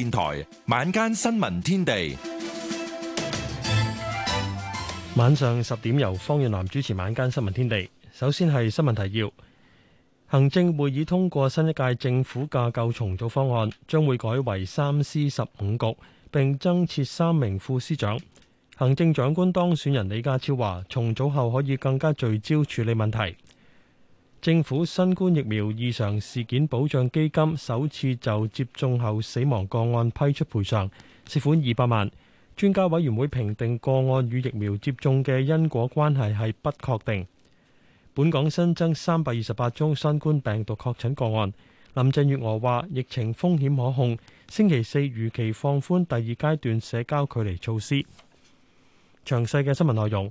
電台晚間新聞天地，晚上十點由方月南主持。晚間新聞天地，首先係新聞提要。行政會議通過新一屆政府架構重組方案，將會改為三司十五局，並增設三名副司長。行政長官當選人李家超話，重組後可以更加聚焦處理問題。政府新冠疫苗異常事件保障基金首次就接種後死亡個案批出賠償，涉款二百萬。專家委員會評定個案與疫苗接種嘅因果關係係不確定。本港新增三百二十八宗新冠病毒確診個案。林鄭月娥話疫情風險可控，星期四如期放寬第二階段社交距離措施。詳細嘅新聞內容。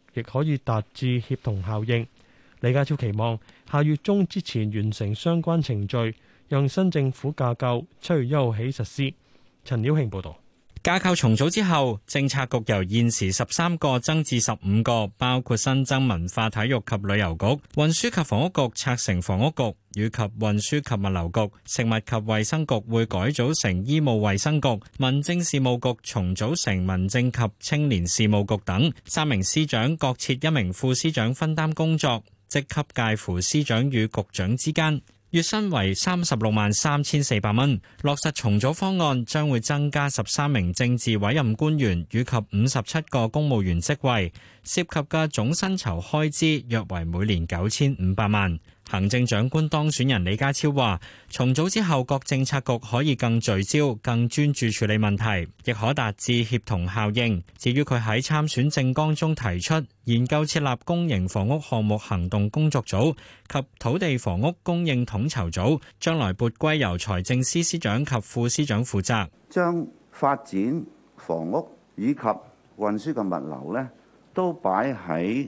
亦可以達至協同效應。李家超期望下月中之前完成相關程序，讓新政府架構七月一號起實施。陳曉慶報導。架構重組之後，政策局由現時十三個增至十五個，包括新增文化體育及旅遊局、運輸及房屋局拆成房屋局以及運輸及物流局、食物及衛生局會改組成醫務衛生局、民政事務局重組成民政及青年事務局等。三名司長各設一名副司長分擔工作，職級介乎司長與局長之間。月薪為三十六萬三千四百蚊，落實重組方案將會增加十三名政治委任官員以及五十七個公務員職位，涉及嘅總薪酬開支約為每年九千五百萬。行政長官當選人李家超話：重組之後，各政策局可以更聚焦、更專注處理問題，亦可達至協同效應。至於佢喺參選政綱中提出研究設立公營房屋項目行動工作組及土地房屋供應統籌組，將來撥歸由財政司司長及副司長負責，將發展房屋以及運輸嘅物流呢，都擺喺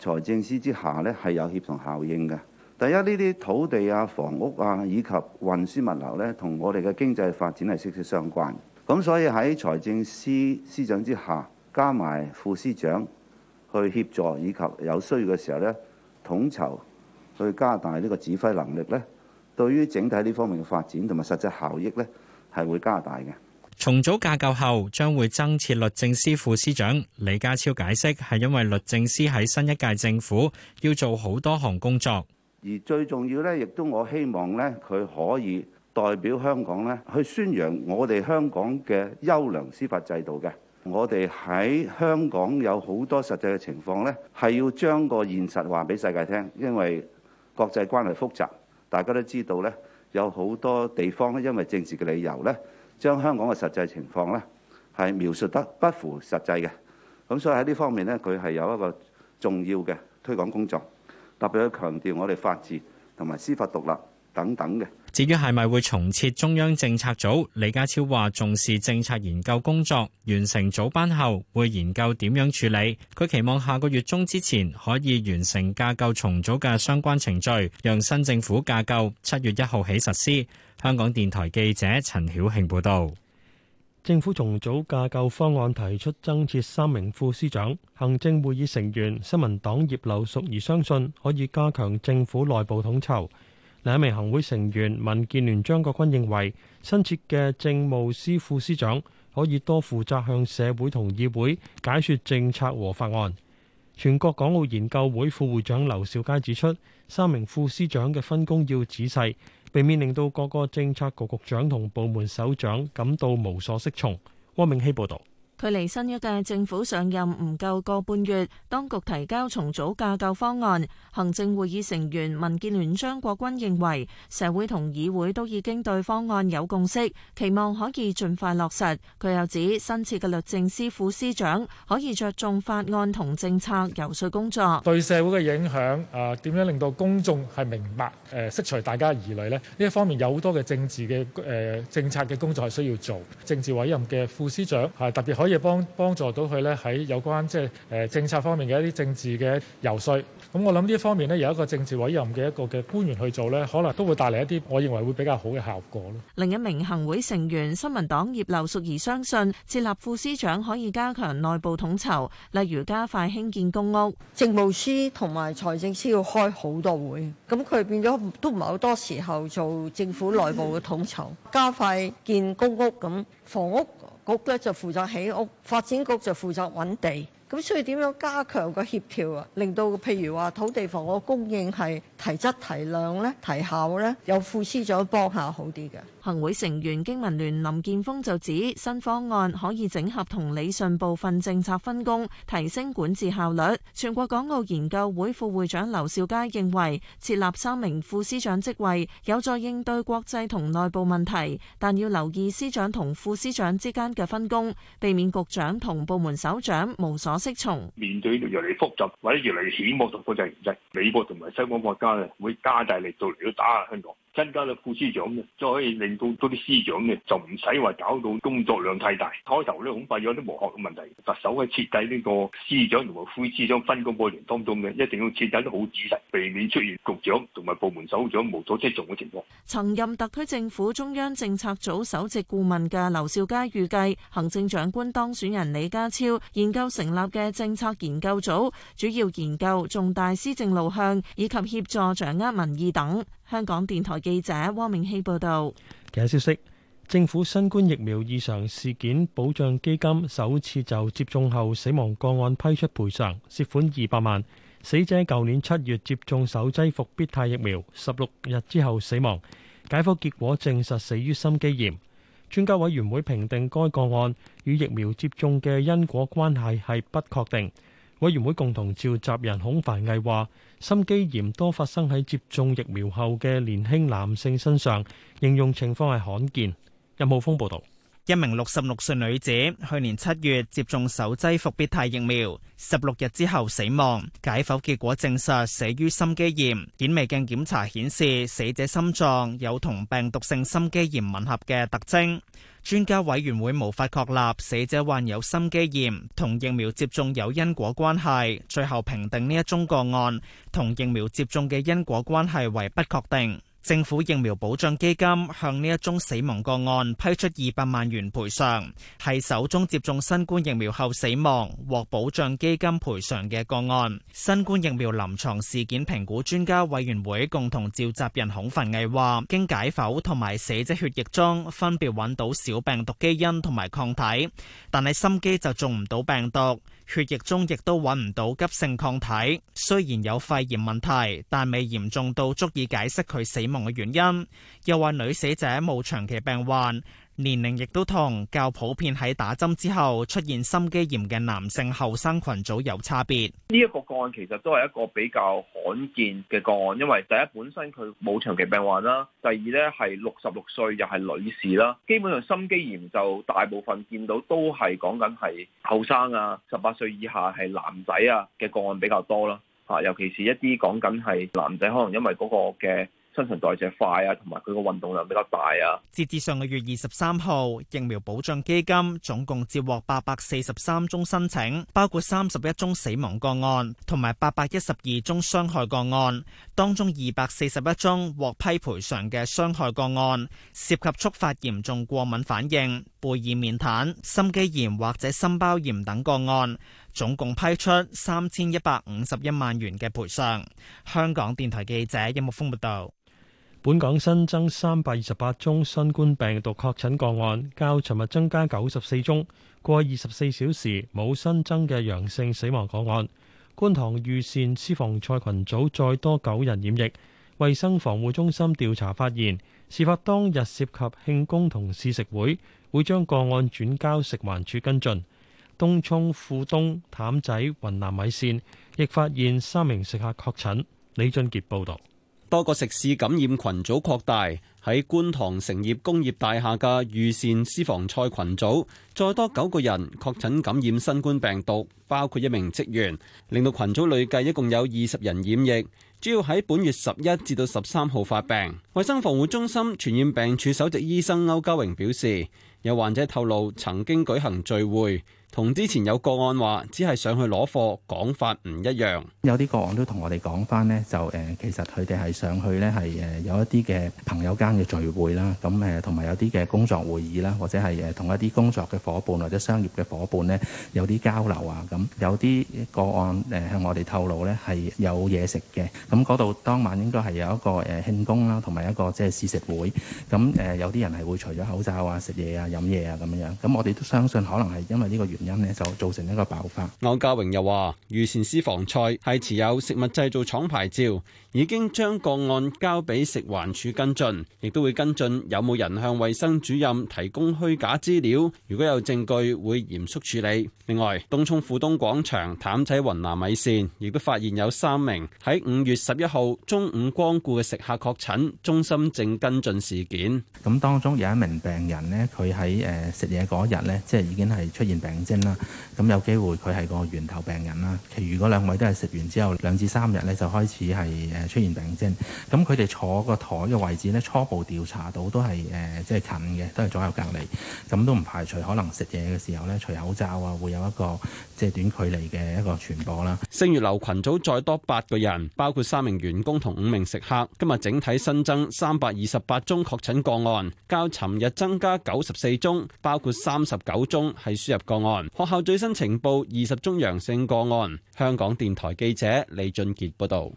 財政司之下，呢係有協同效應嘅。第一呢啲土地啊、房屋啊，以及運輸物流咧，同我哋嘅經濟發展係息息相關，咁所以喺財政司司長之下加埋副司長去協助，以及有需要嘅時候咧，統籌去加大呢個指揮能力咧，對於整體呢方面嘅發展同埋實際效益咧係會加大嘅。重組架構後將會增設律政司副司長，李家超解釋，係因為律政司喺新一屆政府要做好多項工作。而最重要咧，亦都我希望咧，佢可以代表香港咧，去宣揚我哋香港嘅優良司法制度嘅。我哋喺香港有好多實際嘅情況咧，係要將個現實話俾世界聽，因為國際關係複雜，大家都知道咧，有好多地方咧，因為政治嘅理由咧，將香港嘅實際情況咧，係描述得不符實際嘅。咁所以喺呢方面咧，佢係有一個重要嘅推廣工作。特別強調我哋法治同埋司法獨立等等嘅。至於係咪會重設中央政策組？李家超話重視政策研究工作，完成組班後會研究點樣處理。佢期望下個月中之前可以完成架構重組嘅相關程序，讓新政府架構七月一號起實施。香港電台記者陳曉慶報道。政府重組架構方案提出增設三名副司長，行政會議成員、新民黨葉劉淑儀相信可以加強政府內部統籌。兩名行會成員、民建聯張國鈞認為，新設嘅政務司副司長可以多負責向社會同議會解説政策和法案。全國港澳研究會副會長劉兆佳指出，三名副司長嘅分工要仔細。避免令到各個政策局局長同部門首長感到無所適從。汪明希報道。距離新一屆政府上任唔夠個半月，當局提交重組架構方案。行政會議成員民建聯張國軍認為，社會同議會都已經對方案有共識，期望可以盡快落實。佢又指，新設嘅律政司副司長可以着重法案同政策游說工作，對社會嘅影響啊，呃、點樣令到公眾係明白誒，呃、釋除大家疑慮咧？呢一方面有好多嘅政治嘅誒、呃、政策嘅工作係需要做。政治委任嘅副司長係特別可，可以幫幫助到佢咧，喺有關即係誒政策方面嘅一啲政治嘅游説。咁我諗呢一方面呢，由一個政治委任嘅一個嘅官員去做呢，可能都會帶嚟一啲，我認為會比較好嘅效果咯。另一名行會成員，新民黨葉劉淑儀相信設立副司長可以加強內部統籌，例如加快興建公屋。政務司同埋財政司要開好多會，咁佢變咗都唔係好多時候做政府內部嘅統籌，嗯、加快建公屋咁房屋。局呢就負責起屋，發展局就負責揾地。咁所以點樣加強個協調啊？令到譬如話土地房嘅供應係提質提量呢，提效呢，有副司長幫下好啲嘅。行會成員經民聯林健鋒，就指新方案可以整合同理順部分政策分工，提升管治效率。全國港澳研究會副會長劉兆佳認為，設立三名副司長職位有助應對國際同內部問題，但要留意司長同副司長之間嘅分工，避免局長同部門首長無所適從。面對越嚟越複雜或者越嚟越險惡嘅國際形勢，美國同埋西方國家會加大力度嚟到打香港。增加個副司長咧，再可以令到多啲司長咧，就唔使話搞到工作量太大。開頭咧，恐怕有啲磨合嘅問題，特首喺設計呢個司長同埋副司長分工過程當中嘅，一定要設計得好仔細，避免出現局長同埋部門首長無所適從嘅情況。曾任特區政府中央政策組首席顧問嘅劉兆佳預計，行政長官當選人李家超研究成立嘅政策研究組，主要研究重大施政路向，以及協助掌握民意等。香港電台記者汪明熙報道。其他消息，政府新冠疫苗異常事件保障基金首次就接種後死亡個案批出賠償，涉款二百萬。死者舊年七月接種首劑復必泰疫苗，十六日之後死亡，解剖結果證實死於心肌炎。專家委員會評定該個案與疫苗接種嘅因果關係係不確定。委員會共同召集人孔凡毅話。心肌炎多發生喺接種疫苗後嘅年輕男性身上，形容情況係罕見。任浩峰報道。一名六十六歲女子去年七月接種首劑復必泰疫苗，十六日之後死亡。解剖結果證實死於心肌炎，顯微鏡檢查顯示死者心臟有同病毒性心肌炎吻合嘅特徵。專家委員會無法確立死者患有心肌炎同疫苗接種有因果關係，最後評定呢一宗個案同疫苗接種嘅因果關係為不確定。政府疫苗保障基金向呢一宗死亡個案批出二百萬元賠償，係首宗接種新冠疫苗後死亡獲保障基金賠償嘅個案。新冠疫苗臨床事件評估專家委員會共同召集人孔繁毅話，經解剖同埋死者血液中分別揾到小病毒基因同埋抗體，但係心肌就中唔到病毒。血液中亦都揾唔到急性抗體，雖然有肺炎問題，但未嚴重到足以解釋佢死亡嘅原因。又話女死者冇長期病患。年齡亦都同較普遍喺打針之後出現心肌炎嘅男性後生群組有差別。呢一個個案其實都係一個比較罕見嘅個案，因為第一本身佢冇長期病患啦，第二呢係六十六歲又係女士啦。基本上心肌炎就大部分見到都係講緊係後生啊，十八歲以下係男仔啊嘅個案比較多啦。啊，尤其是一啲講緊係男仔，可能因為嗰個嘅。新陳代謝快啊，同埋佢個運動量比較大啊。截至上個月二十三號，疫苗保障基金總共接獲八百四十三宗申請，包括三十一宗死亡個案，同埋八百一十二宗傷害個案。當中二百四十一宗獲批賠償嘅傷害個案，涉及觸發嚴重過敏反應、貝爾面癱、心肌炎或者心包炎等個案，總共批出三千一百五十一萬元嘅賠償。香港電台記者殷木峰報道。本港新增三百二十八宗新冠病毒確診個案，較尋日增加九十四宗。過二十四小時冇新增嘅陽性死亡個案。觀塘裕膳私房菜群組再多九人染疫。衛生防護中心調查發現，事發當日涉及慶功同試食會，會將個案轉交食環署跟進。東涌富東淡仔雲南米線亦發現三名食客確診，李俊杰報道。多個食肆感染群組擴大，喺觀塘成業工業大廈嘅裕善私房菜群組，再多九個人確診感染新冠病毒，包括一名職員，令到群組累計一共有二十人染疫，主要喺本月十一至到十三號發病。衛生防護中心傳染病處首席醫生歐家榮表示，有患者透露曾經舉行聚會。同之前有個案話只係上去攞貨講法唔一樣，有啲個案都同我哋講翻咧，就誒其實佢哋係上去咧，係誒有一啲嘅朋友間嘅聚會啦，咁誒同埋有啲嘅工作會議啦，或者係誒同一啲工作嘅伙伴或者商業嘅伙伴咧有啲交流啊，咁有啲個案誒向我哋透露咧係有嘢食嘅，咁嗰度當晚應該係有一個誒慶功啦，同埋一個即係試食會，咁誒有啲人係會除咗口罩啊食嘢啊飲嘢啊咁樣樣，咁我哋都相信可能係因為呢個月。原因咧就造成一個爆發。歐家榮又話：漁膳私房菜係持有食物製造廠牌照。已經將個案交俾食環署跟進，亦都會跟進有冇人向衞生主任提供虛假資料。如果有證據，會嚴肅處理。另外，東涌富東廣場譚仔雲南米線亦都發現有三名喺五月十一號中午光顧嘅食客確診，中心正跟進事件。咁當中有一名病人呢，佢喺誒食嘢嗰日呢，即係已經係出現病徵啦。咁有機會佢係個源頭病人啦。其餘嗰兩位都係食完之後兩至三日呢，就開始係誒。呃出現病徵，咁佢哋坐個台嘅位置咧，初步調查到都係誒，即係近嘅，都係左右隔離，咁都唔排除可能食嘢嘅時候咧，除口罩啊，會有一個即係短距離嘅一個傳播啦。星月樓群組再多八個人，包括三名員工同五名食客，今日整體新增三百二十八宗確診個案，較尋日增加九十四宗，包括三十九宗係輸入個案。學校最新情報二十宗陽性個案。香港電台記者李俊傑報道。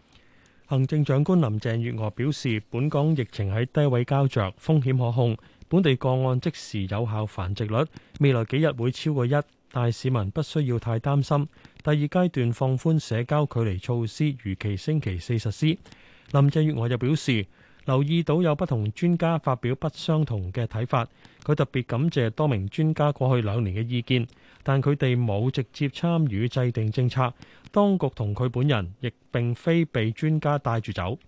行政長官林鄭月娥表示，本港疫情喺低位膠着，風險可控，本地個案即時有效繁殖率未來幾日會超過一，但市民不需要太擔心。第二階段放寬社交距離措施，如期星期四實施。林鄭月娥又表示，留意到有不同專家發表不相同嘅睇法，佢特別感謝多名專家過去兩年嘅意見，但佢哋冇直接參與制定政策，當局同佢本人亦並非被專家帶住走。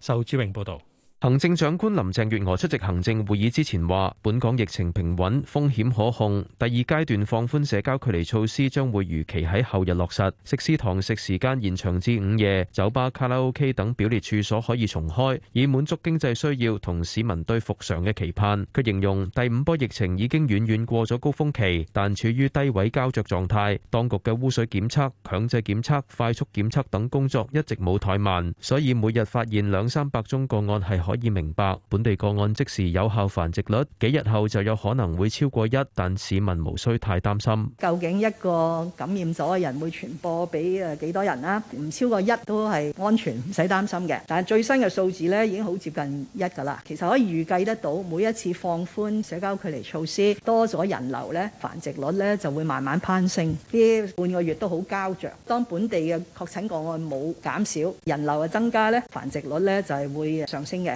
仇志榮報道。行政長官林鄭月娥出席行政會議之前話，本港疫情平穩，風險可控。第二階段放寬社交距離措施將會如期喺後日落實。食肆堂食時間延長至午夜，酒吧、卡拉 OK 等表列處所可以重開，以滿足經濟需要同市民對復常嘅期盼。佢形容第五波疫情已經遠遠過咗高峰期，但處於低位膠着狀態。當局嘅污水檢測、強制檢測、快速檢測等工作一直冇怠慢，所以每日發現兩三百宗個案係。可以明白本地個案即時有效繁殖率幾日後就有可能會超過一，但市民無需太擔心。究竟一個感染咗嘅人會傳播俾誒幾多人啦？唔超過一都係安全，唔使擔心嘅。但係最新嘅數字咧已經好接近一噶啦。其實可以預計得到，每一次放寬社交距離措施多咗人流咧，繁殖率咧就會慢慢攀升。呢半個月都好膠著。當本地嘅確診個案冇減少，人流又增加咧，繁殖率咧就係會上升嘅。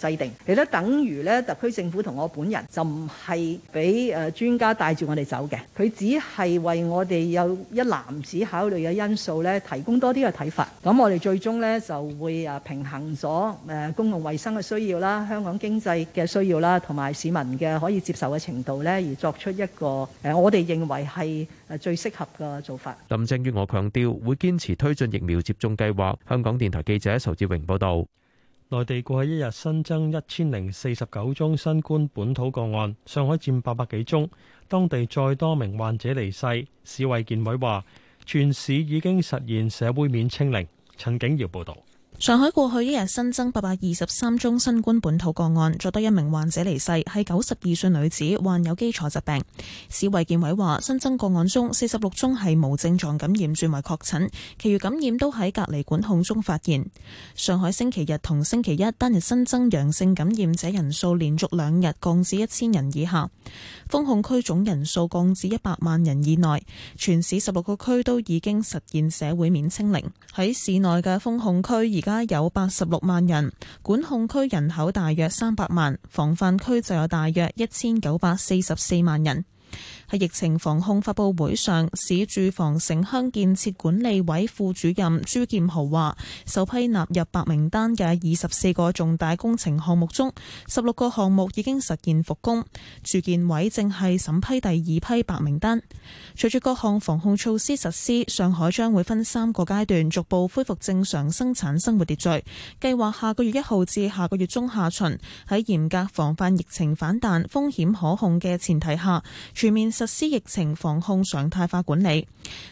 制定，其實等於咧，特區政府同我本人就唔係俾誒專家帶住我哋走嘅，佢只係為我哋有一攬子考慮嘅因素咧，提供多啲嘅睇法。咁我哋最終咧就會誒平衡咗誒公共衛生嘅需要啦、香港經濟嘅需要啦，同埋市民嘅可以接受嘅程度咧，而作出一個誒我哋認為係誒最適合嘅做法。林鄭月娥強調會堅持推進疫苗接種計劃，香港電台記者仇志榮報道。內地過去一日新增一千零四十九宗新冠本土個案，上海佔八百幾宗，當地再多名患者離世。市衛健委話，全市已經實現社會面清零。陳景瑤報道。上海過去一日新增八百二十三宗新冠本土個案，再多一名患者離世，係九十二歲女子，患有基礎疾病。市衛健委話，新增個案中四十六宗係無症狀感染轉為確診，其餘感染都喺隔離管控中發現。上海星期日同星期一單日新增陽性感染者人數連續兩日降至一千人以下，封控區總人數降至一百萬人以內，全市十六個區都已經實現社會面清零。喺市內嘅封控區而家。有八十六萬人，管控區人口大約三百萬，防範區就有大約一千九百四十四萬人。喺疫情防控發佈會上，市住房城鄉建設管理委副主任朱劍豪話，首批納入白名單嘅二十四個重大工程項目中，十六個項目已經實現復工。住建委正係審批第二批白名單，隨住各項防控措施實施，上海將會分三個階段逐步恢復正常生產生活秩序。計劃下個月一號至下個月中下旬，喺嚴格防範疫情反彈風險可控嘅前提下，全面。實施疫情防控常態化管理。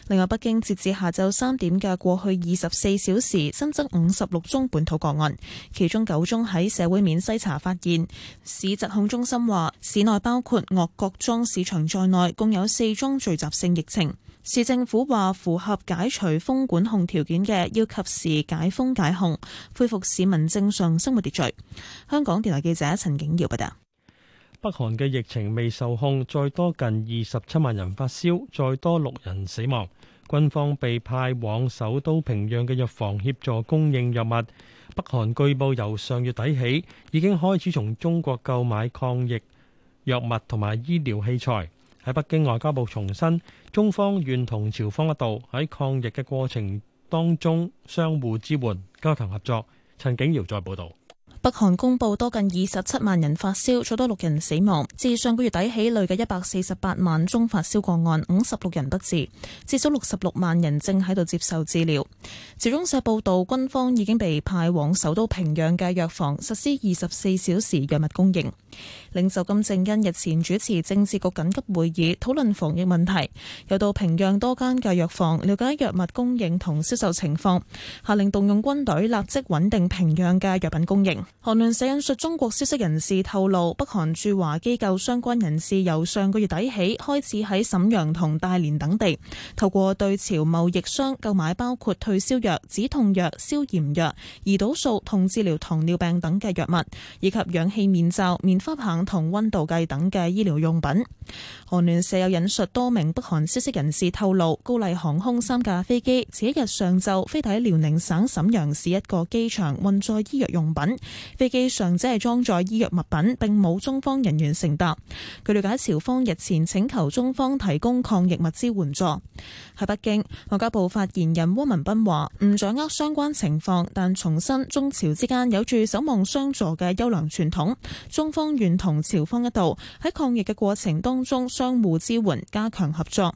另外，北京截至下晝三點嘅過去二十四小時新增五十六宗本土個案，其中九宗喺社會面篩查發現。市疾控中心話，市內包括岳各莊市場在內，共有四宗聚集性疫情。市政府話，符合解除封管控條件嘅，要及時解封解控，恢復市民正常生活秩序。香港電台記者陳景耀報道。北韓嘅疫情未受控，再多近二十七萬人發燒，再多六人死亡。軍方被派往首都平壤嘅藥房協助供應藥物。北韓據報由上月底起已經開始從中國購買抗疫藥物同埋醫療器材。喺北京，外交部重申，中方願同朝方一道喺抗疫嘅過程當中相互支援、加強合作。陳景瑤再報道。北韓公布多近二十七萬人發燒，最多六人死亡。自上個月底起累計一百四十八萬宗發燒個案，五十六人不治。至少六十六萬人正喺度接受治療。朝中社報道，軍方已經被派往首都平壤嘅藥房實施二十四小時藥物供應。領袖金正恩日前主持政治局緊急會議，討論防疫問題，又到平壤多間嘅藥房了解藥物供應同銷售情況，下令動用軍隊立即穩定平壤嘅藥品供應。韓聯社引述中國消息人士透露，北韓駐華機構相關人士由上個月底起開始喺瀋陽同大連等地透過對朝貿易商購買包括退燒藥、止痛藥、消炎藥、胰島素同治療糖尿病等嘅藥物，以及氧氣面罩、棉花棒同溫度計等嘅醫療用品。韓聯社有引述多名北韓消息人士透露，高麗航空三架飛機前一日上晝飛抵遼寧省瀋陽市一個機場，運載醫藥用品。飛機上只係裝載醫藥物品，並冇中方人員乘搭。據了解，朝方日前請求中方提供抗疫物資援助。喺北京，外交部發言人汪文斌話：唔掌握相關情況，但重申中朝之間有住守望相助嘅優良傳統，中方願同朝方一道喺抗疫嘅過程當中相互支援，加強合作。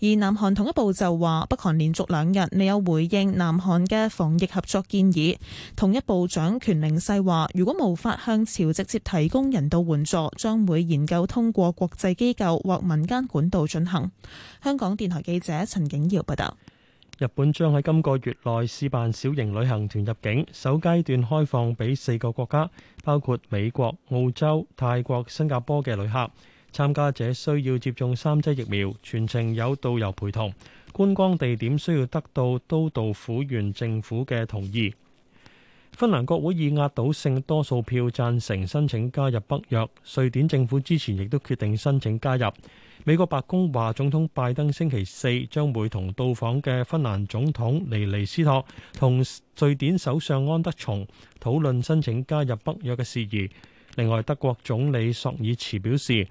而南韓統一部就話：北韓連續兩日未有回應南韓嘅防疫合作建議。統一部長權寧世。話如果無法向朝直接提供人道援助，將會研究通過國際機構或民間管道進行。香港電台記者陳景耀報道。日本將喺今個月內試辦小型旅行團入境，首階段開放俾四個國家，包括美國、澳洲、泰國、新加坡嘅旅客。參加者需要接種三劑疫苗，全程有導遊陪同。觀光地點需要得到都道府縣政府嘅同意。芬蘭國會以壓倒性多數票贊成申請加入北約。瑞典政府之前亦都決定申請加入。美國白宮話，總統拜登星期四將會同到訪嘅芬蘭總統尼尼斯托同瑞典首相安德松討論申請加入北約嘅事宜。另外，德國總理朔爾茨表示，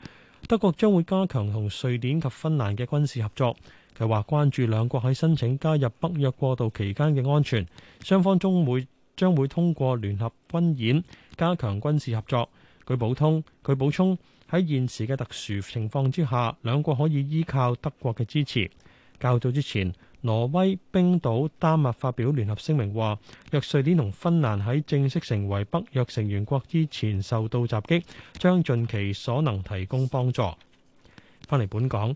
德國將會加強同瑞典及芬蘭嘅軍事合作，佢話關注兩國喺申請加入北約過渡期間嘅安全，雙方中會。將會通過聯合軍演加強軍事合作。佢補通，佢補充，喺現時嘅特殊情況之下，兩國可以依靠德國嘅支持。較早之前，挪威、冰島、丹麥發表聯合聲明，話若瑞典同芬蘭喺正式成為北約成員國之前受到襲擊，將盡其所能提供幫助。翻嚟本港。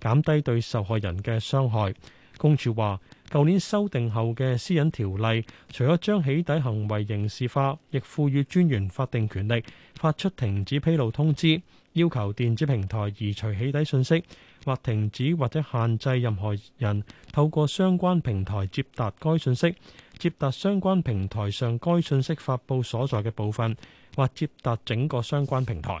減低對受害人嘅傷害。公署話，舊年修訂後嘅私隱條例，除咗將起底行為刑事化，亦賦予專員法定權力，發出停止披露通知，要求電子平台移除起底信息，或停止或者限制任何人透過相關平台接達該信息，接達相關平台上該信息發布所在嘅部分，或接達整個相關平台。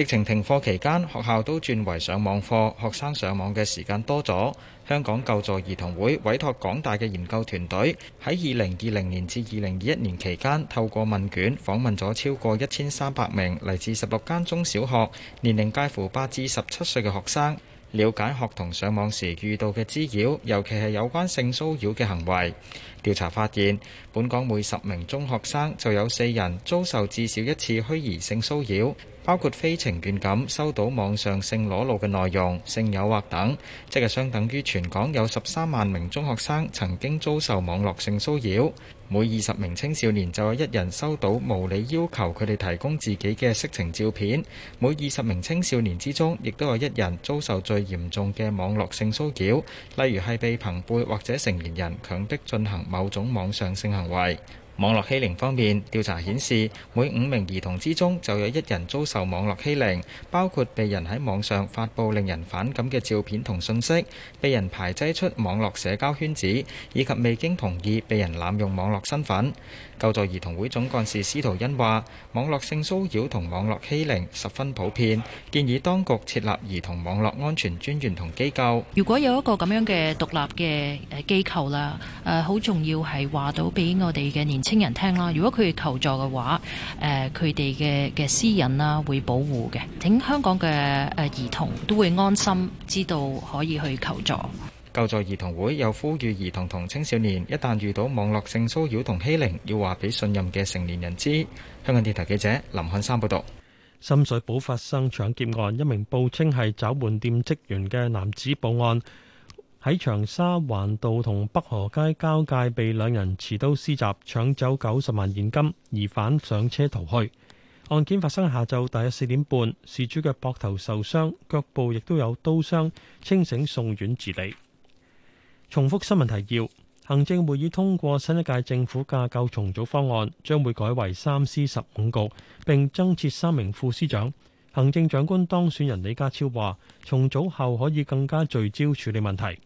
疫情停課期間，學校都轉為上網課，學生上網嘅時間多咗。香港救助兒童會委託港大嘅研究團隊喺二零二零年至二零二一年期間，透過問卷訪問咗超過一千三百名嚟自十六間中小學、年齡介乎八至十七歲嘅學生。了解學童上網時遇到嘅滋擾，尤其係有關性騷擾嘅行為。調查發現，本港每十名中學生就有四人遭受至少一次虛擬性騷擾，包括非情願咁收到網上性裸露嘅內容、性誘惑等，即係相等於全港有十三萬名中學生曾經遭受網絡性騷擾。每二十名青少年就有一人收到無理要求，佢哋提供自己嘅色情照片。每二十名青少年之中，亦都有一人遭受最嚴重嘅網絡性騷擾，例如係被朋輩或者成年人強迫進行某種網上性行為。網絡欺凌方面，調查顯示每五名兒童之中就有一人遭受網絡欺凌，包括被人喺網上發布令人反感嘅照片同信息，被人排擠出網絡社交圈子，以及未經同意被人濫用網絡身份。救助兒童會總幹事司徒恩話，網絡性騷擾同網絡欺凌十分普遍，建議當局設立兒童網絡安全專員同機構。如果有一個咁樣嘅獨立嘅誒機構啦，誒好重要係話到俾我哋嘅年青人聽啦。如果佢求助嘅話，誒佢哋嘅嘅私隱啦會保護嘅，請香港嘅誒兒童都會安心知道可以去求助。救助兒童會又呼籲兒童同青少年，一旦遇到網絡性騷擾同欺凌，要話俾信任嘅成年人知。香港電台記者林漢山報導。深水埗發生搶劫案，一名報稱係找換店職員嘅男子報案，喺長沙灣道同北河街交界被兩人持刀施襲，搶走九十萬現金，疑犯上車逃去。案件發生下晝大約四點半，事主嘅膊頭受傷，腳部亦都有刀傷，清醒送院治理。重複新聞提要：行政會議通過新一屆政府架構重組方案，將會改為三司十五局，並增設三名副司長。行政長官當選人李家超話，重組後可以更加聚焦處理問題。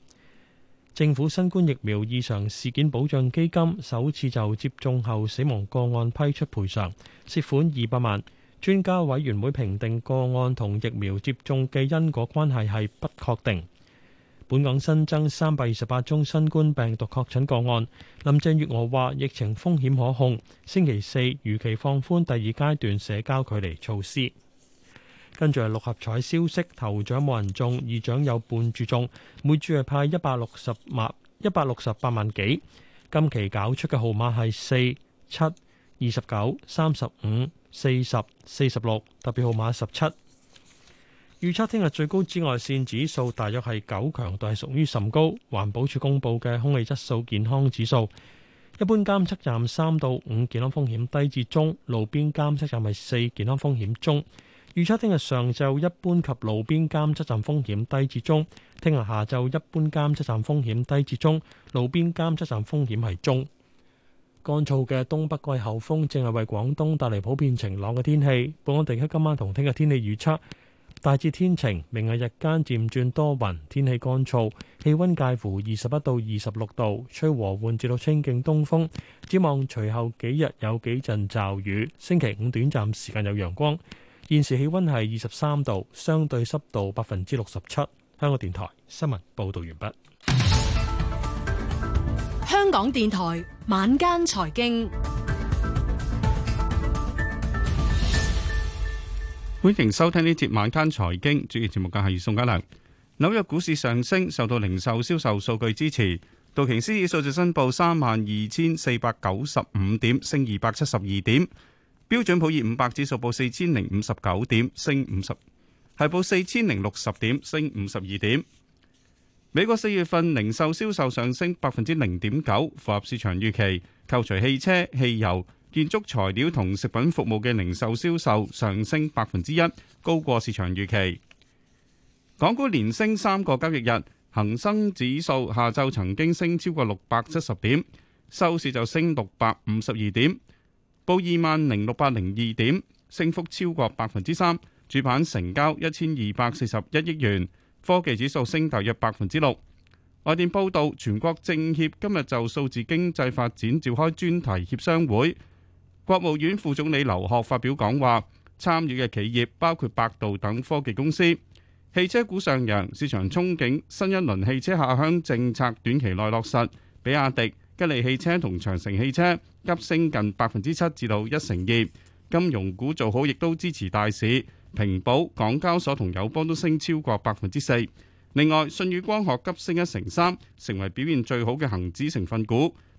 政府新冠疫苗異常事件保障基金首次就接種後死亡個案批出賠償，涉款二百萬。專家委員會評定個案同疫苗接種嘅因果關係係不確定。本港新增三百二十八宗新冠病毒確診個案，林鄭月娥話疫情風險可控，星期四如期放寬第二階段社交距離措施。跟住係六合彩消息，頭獎冇人中，二獎有半注中，每注係派一百六十萬一百六十八萬幾。今期搞出嘅號碼係四七二十九、三十五、四十四十六，特別號碼十七。預測聽日最高紫外線指數大約係九，強度係屬於甚高。環保署公布嘅空氣質素健康指數，一般監測站三到五，健康風險低至中；路邊監測站係四，健康風險中。預測聽日上晝一般及路邊監測站風險低至中，聽日下晝一般監測站風險低至中，路邊監測站風險係中。乾燥嘅東北季候風正係為廣東帶嚟普遍晴朗嘅天氣。本港地區今晚同聽日天氣預測。大致天晴，明日日間漸轉多雲，天氣乾燥，氣溫介乎二十一到二十六度，吹和緩至到清勁東風。展望隨後幾日有幾陣驟雨，星期五短暫時間有陽光。現時氣溫係二十三度，相對濕度百分之六十七。香港電台新聞報道完畢。香港電台晚間財經。歡迎收聽呢節晚間財經，主要節目嘅係宋家良。紐約股市上升，受到零售銷售數據支持。道瓊斯指數升報三萬二千四百九十五點，升二百七十二點。標準普爾五百指數報四千零五十九點，升五十，係報四千零六十點，升五十二點。美國四月份零售銷售上升百分之零點九，符合市場預期。扣除汽車、汽油、建築材料同食品服務嘅零售銷售上升百分之一，高過市場預期。港股連升三個交易日，恒生指數下晝曾經升超過六百七十點，收市就升六百五十二點，報二萬零六百零二點，升幅超過百分之三。主板成交一千二百四十一億元，科技指數升大約百分之六。外電報道，全國政協今日就數字經濟發展召開專題協商會。國務院副總理劉鶴發表講話，參與嘅企業包括百度等科技公司。汽車股上揚，市場憧憬新一輪汽車下鄉政策短期內落實。比亞迪、吉利汽車同長城汽車急升近百分之七至到一成二。金融股做好，亦都支持大市。平保、港交所同友邦都升超過百分之四。另外，舜宇光學急升一成三，成為表現最好嘅恒指成分股。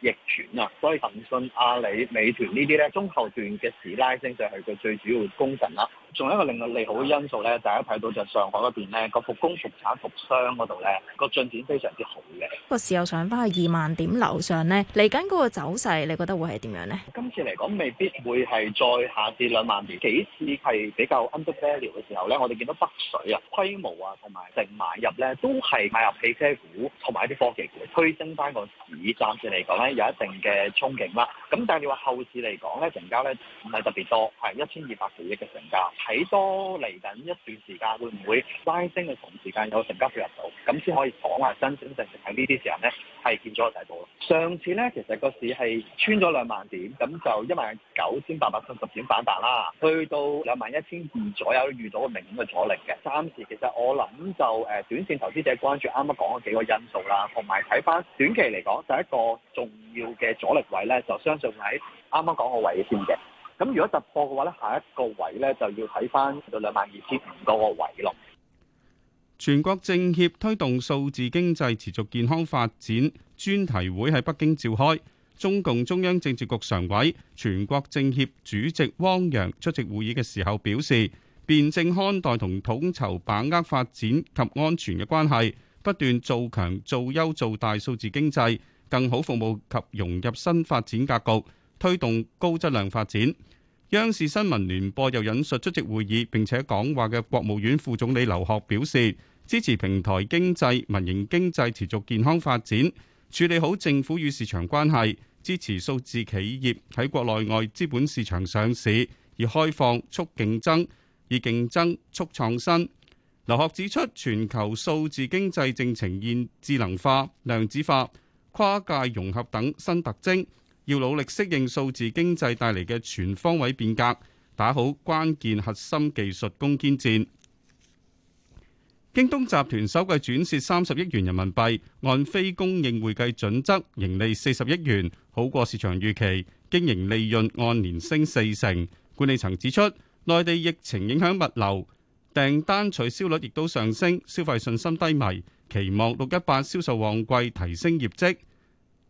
逆轉啊，所以騰訊、阿里、美團呢啲咧，中後段嘅市拉升就係佢最主要功臣啦。仲有一個令到利好嘅因素咧，大家睇到就上海嗰邊咧個復工復產復商嗰度咧個進展非常之好嘅。個市又上翻去二萬點樓上咧，嚟緊嗰個走勢，你覺得會係點樣咧？今次嚟講未必會係再下至兩萬年。幾次係比較 undervalue 嘅時候咧，我哋見到北水啊規模啊同埋淨買入咧都係買入汽車股同埋一啲科技股，推升翻個市。暫時嚟講有一定嘅憧憬啦，咁但係你話後市嚟講咧成交，咧唔係特別多，係一千二百幾億嘅成交，睇多嚟緊一段時間會唔會拉升嘅同時間有成交配合到，咁先可以講下真真正正喺呢啲時候咧係見咗個底度。上次咧其實個市係穿咗兩萬點，咁就一萬九千八百三十點反彈啦，去到兩萬一千二左右都遇到個明顯嘅阻力嘅。暫時其實我諗就誒短線投資者關注啱啱講嘅幾個因素啦，同埋睇翻短期嚟講就是、一個重。要嘅阻力位呢，就相信喺啱啱講個位先嘅。咁如果突破嘅話呢，下一個位呢，就要睇翻到兩萬二千五個位咯。全國政協推動數字經濟持續健康發展專題會喺北京召開，中共中央政治局常委、全國政協主席汪洋出席會議嘅時候表示，辯證看待同統籌把握發展及安全嘅關係，不斷做強做優做大數字經濟。更好服務及融入新發展格局，推動高質量發展。央視新聞聯播又引述出席會議並且講話嘅國務院副總理劉鶴表示，支持平台經濟、民營經濟持續健康發展，處理好政府與市場關係，支持數字企業喺國內外資本市場上市，以開放促競爭，以競爭促創新。劉鶴指出，全球數字經濟正呈現智能化、量子化。跨界融合等新特徵，要努力適應數字經濟帶嚟嘅全方位變革，打好關鍵核心技術攻堅戰。京東集團首季轉蝕三十億元人民幣，按非公認會計準則盈利四十億元，好過市場預期，經營利潤按年升四成。管理層指出，內地疫情影響物流，訂單取消率亦都上升，消費信心低迷。期望六一八銷售旺季提升業績，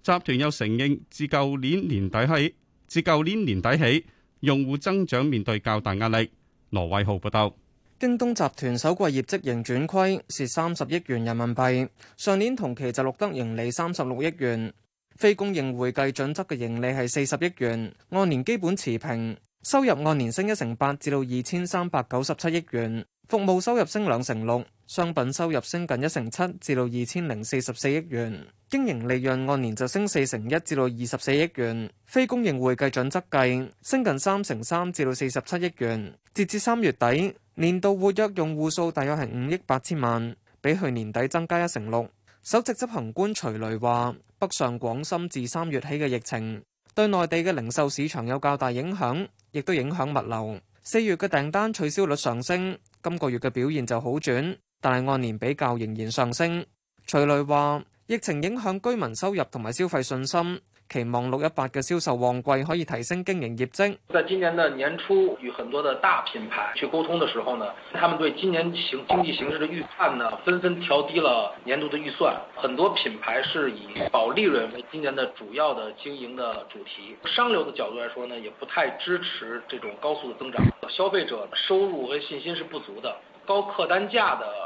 集團又承認自舊年年底起，自舊年年底起，用戶增長面對較大壓力。羅偉浩報道，京東集團首季業績盈轉虧，蝕三十億元人民幣，上年同期就錄得盈利三十六億元，非公認會計準則嘅盈利係四十億元，按年基本持平，收入按年升一成八至到二千三百九十七億元，服務收入升兩成六。商品收入升近一成七，至到二千零四十四億元；經營利潤按年就升四成一，至到二十四億元。非公認會計準則計，升近三成三，至到四十七億元。截至三月底，年度活躍用戶數大約係五億八千萬，比去年底增加一成六。首席執行官徐雷話：北上廣深自三月起嘅疫情對內地嘅零售市場有較大影響，亦都影響物流。四月嘅訂單取消率上升，今個月嘅表現就好轉。但係按年比較仍然上升。徐磊話，疫情影響居民收入同埋消費信心，期望六一八嘅銷售旺季可以提升經營業績。在今年的年初，與很多的大品牌去溝通的時候呢，他們對今年形經濟形勢的預判呢，紛紛調低了年度的預算。很多品牌是以保利潤為今年的主要的經營的主題。商流的角度來說呢，也不太支持這種高速的增長。消費者收入和信心是不足的，高客單價的。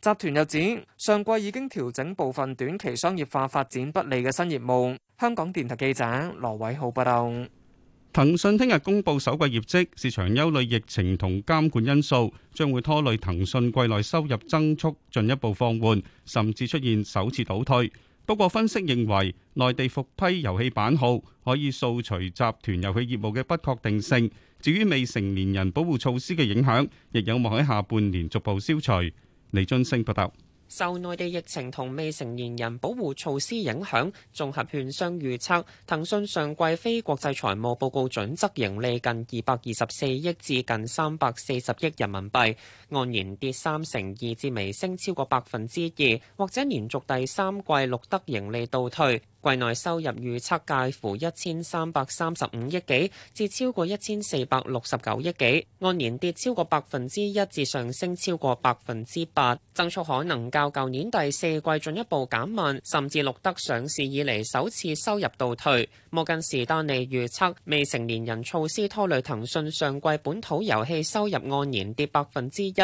集團又指，上季已經調整部分短期商業化發展不利嘅新業務。香港電台記者羅偉浩報道。騰訊聽日公布首季業績，市場憂慮疫情同監管因素將會拖累騰訊季內收入增速進一步放緩，甚至出現首次倒退。不過，分析認為內地復批遊戲版號可以掃除集團遊戲業務嘅不確定性。至於未成年人保護措施嘅影響，亦有望喺下半年逐步消除。李津升報道，受內地疫情同未成年人保護措施影響，綜合券商預測，騰訊上季非國際財務報告準則盈利近二百二十四億至近三百四十億人民幣，按年跌三成二至微升超過百分之二，或者連續第三季錄得盈利倒退。季內收入預測介乎一千三百三十五億幾至超過一千四百六十九億幾，按年跌超過百分之一至上升超過百分之八，增速可能較舊年第四季進一步減慢，甚至錄得上市以嚟首次收入倒退。摩根士丹利預測未成年人措施拖累騰訊上季本土遊戲收入按年跌百分之一，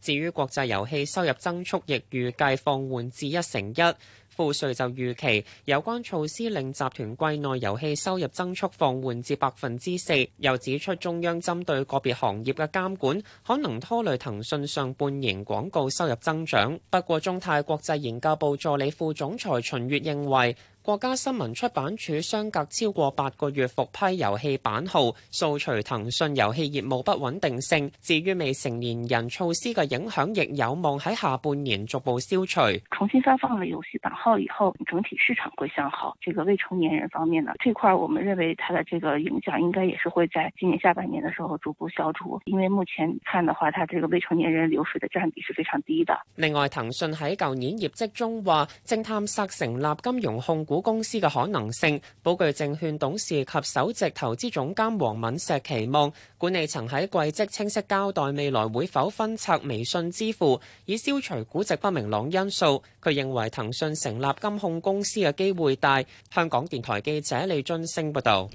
至於國際遊戲收入增速亦預計放緩至一成一。富瑞就預期有關措施令集團季內遊戲收入增速放緩至百分之四，又指出中央針對個別行業嘅監管可能拖累騰訊上半年廣告收入增長。不過，中泰國際研究部助理副總裁秦月認為。國家新聞出版署相隔超過八個月復批遊戲版號，掃除騰訊遊戲業務不穩定性。至於未成年人措施嘅影響，亦有望喺下半年逐步消除。重新發放了遊戲版號以後，整體市場會向好。這個未成年人方面呢，這塊我們認為它的這個影響應該也是會在今年下半年的時候逐步消除。因為目前看的話，它這個未成年人流水的占比是非常低的。另外，騰訊喺舊年業績中話，正探索成立金融控股公司嘅可能性，寶具證券董事及首席投資總監黃敏石期望管理層喺季績清晰交代未來會否分拆微信支付，以消除估值不明朗因素。佢認為騰訊成立金控公司嘅機會大。香港電台記者李津升報道。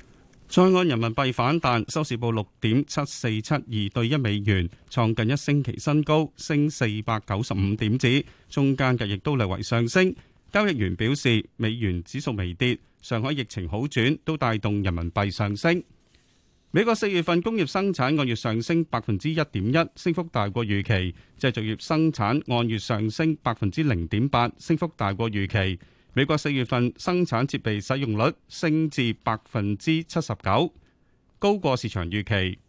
在岸人民幣反彈，收市報六點七四七二兌一美元，創近一星期新高，升四百九十五點子。中間嘅亦都略為上升。交易員表示，美元指數微跌，上海疫情好轉都帶動人民幣上升。美國四月份工業生產按月上升百分之一點一，升幅大過預期。製造業生產按月上升百分之零點八，升幅大過預期。美國四月份生產設備使用率升至百分之七十九，高過市場預期。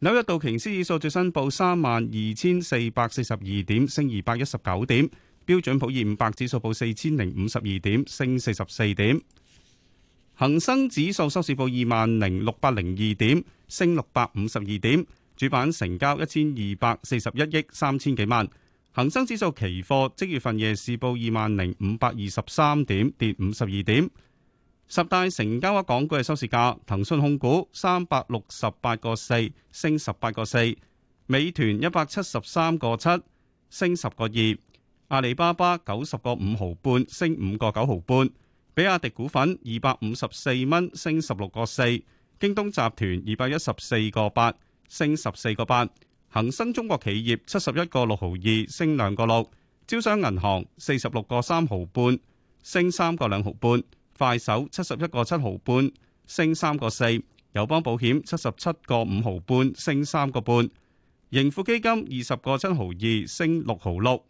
紐約道瓊斯指數最新報三萬二千四百四十二點，升二百一十九點。標準普爾五百指數報四千零五十二點，升四十四點。恒生指數收市報二萬零六百零二點，升六百五十二點。主板成交一千二百四十一億三千幾萬。恒生指數期貨即月份夜市報二萬零五百二十三點，跌五十二點。十大成交額港股嘅收市價：騰訊控股三百六十八個四，升十八個四；美團一百七十三個七，升十個二。阿里巴巴九十個五毫半，升五個九毫半；比亞迪股份二百五十四蚊，升十六個四；京東集團二百一十四個八，升十四個八；恒生中國企業七十一個六毫二，升兩個六；招商銀行四十六個三毫半，升三個兩毫半；快手七十一個七毫半，升三個四；友邦保險七十七個五毫半，升三個半；盈富基金二十個七毫二，升六毫六。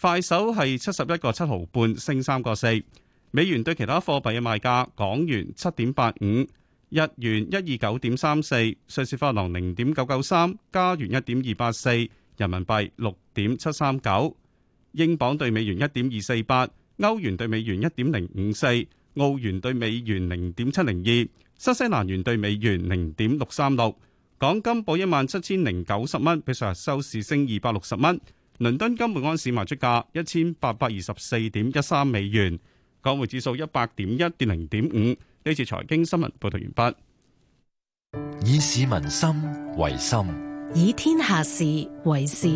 快手係七十一個七毫半，升三個四。美元對其他貨幣嘅賣價：港元七點八五，日元一二九點三四，瑞士法郎零點九九三，加元一點二八四，人民幣六點七三九，英鎊對美元一點二四八，歐元對美元一點零五四，澳元對美元零點七零二，新西蘭元對美元零點六三六。港金報一萬七千零九十蚊，比上日收市升二百六十蚊。倫敦金每安市賣出價一千八百二十四點一三美元，港匯指數一百點一跌零點五。呢次財經新聞報道完畢。以市民心為心，以天下事為事。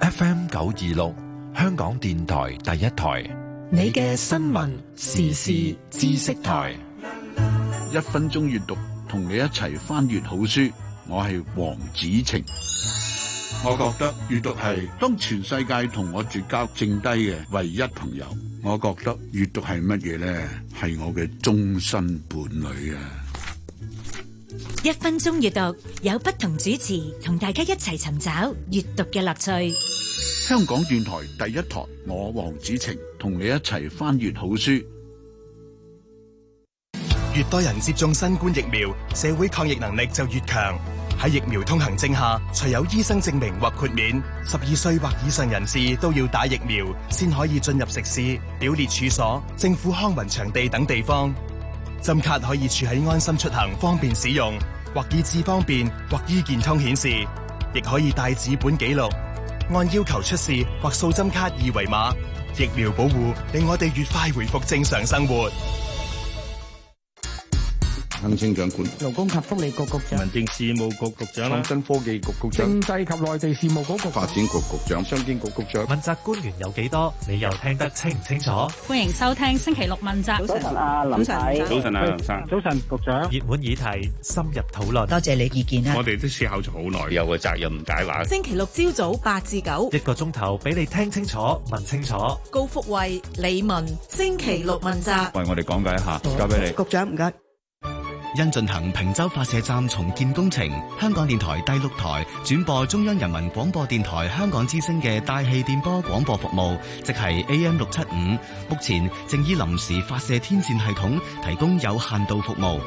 FM 九二六香港電台第一台，你嘅新聞時事知識台，一分鐘閱讀，同你一齊翻閱好書。我係黃子晴。我覺得閱讀係當全世界同我絕交，剩低嘅唯一朋友。我覺得閱讀係乜嘢呢？係我嘅終身伴侶啊！一分鐘閱讀，有不同主持同大家一齊尋找閱讀嘅樂趣。香港電台第一台，我王子晴，同你一齊翻閱好書。越多人接種新冠疫苗，社會抗疫能力就越強。喺疫苗通行證下，除有醫生證明或豁免，十二歲或以上人士都要打疫苗，先可以進入食肆、表列處所、政府康文場地等地方。針卡可以儲喺安心出行方便使用，或以智方便，或醫健通顯示，亦可以帶紙本記錄，按要求出示或掃針卡二維碼。疫苗保護令我哋越快回復正常生活。行政長官、勞工及福利局局長、民政事務局局長啦、創新科技局局長、政制及內地事務局局長、發展局局長、商經局局長問責官員有幾多？你又聽得清唔清楚？歡迎收聽星期六問責。早晨啊，林仔。早晨啊，早晨。早晨，局長。熱門議題深入討論。多謝你意見啊！我哋都思考咗好耐，有嘅責任解話。星期六朝早八至九，一個鐘頭俾你聽清楚、問清楚。高福慧、李文，星期六問責。為我哋講解一下，交俾你。局長唔該。因進行坪洲發射站重建工程，香港電台第六台轉播中央人民廣播電台香港之聲嘅大氣電波廣播服務，即係 AM 六七五，目前正以臨時發射天線系統提供有限度服務。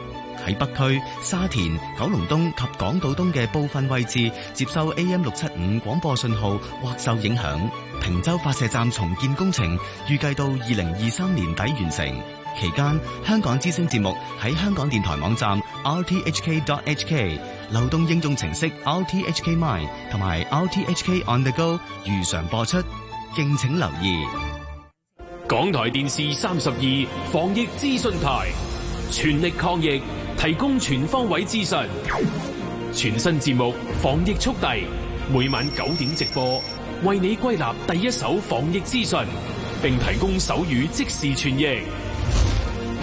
喺北區、沙田、九龍東及港島東嘅部分位置接收 AM 六七五廣播信號或受影響。坪洲發射站重建工程預計到二零二三年底完成。期間，香港之聲節目喺香港電台網站 r t h k dot h k、流動應用程式 r t h k mine 同埋 r t h k on the go 如常播出，敬請留意。港台電視三十二防疫資訊台全力抗疫，提供全方位資訊。全新節目《防疫速遞》，每晚九點直播，為你歸納第一手防疫資訊，並提供手語即時傳譯。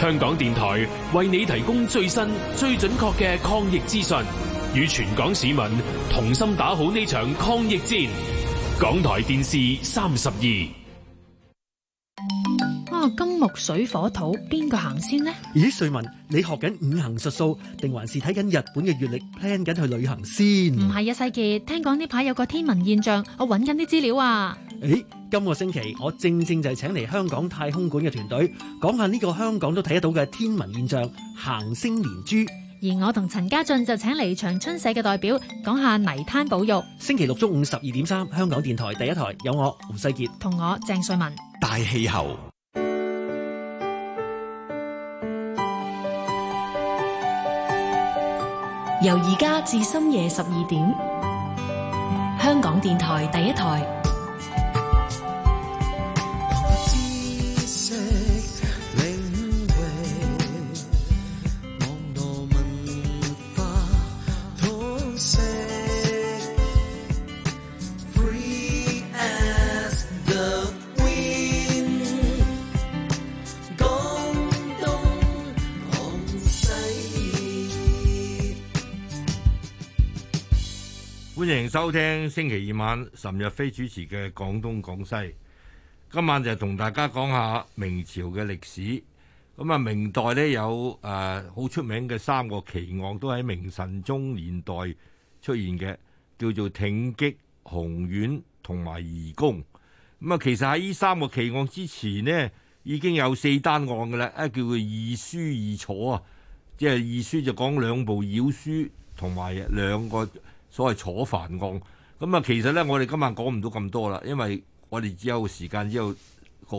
香港電台為你提供最新、最準確嘅抗疫資訊，與全港市民同心打好呢場抗疫戰。港台電視三十二。木水火土邊個行先呢？咦，瑞文，你學緊五行術數，定還是睇緊日本嘅月曆 plan 緊去旅行先？唔係啊，世杰，聽講呢排有個天文現象，我揾緊啲資料啊！誒，今個星期我正正就係請嚟香港太空館嘅團隊講下呢個香港都睇得到嘅天文現象——行星連珠。而我同陳家俊就請嚟長春社嘅代表講下泥灘保育。星期六中午十二點三，香港電台第一台有我，胡世杰，同我，鄭瑞文。大氣候。由而家至深夜十二點，香港電台第一台。收聽星期二晚岑日飛主持嘅《廣東廣西》，今晚就同大家講下明朝嘅歷史。咁啊，明代呢有誒好、呃、出名嘅三個奇案，都喺明神宗年代出現嘅，叫做梃擊、紅丸同埋移宮。咁啊，其實喺呢三個奇案之前呢，已經有四單案噶啦，一叫做二書二楚啊，即係二書就講兩部妖書同埋兩個。所謂坐犯案，咁啊，其實咧，我哋今晚講唔到咁多啦，因為我哋只有時間之後。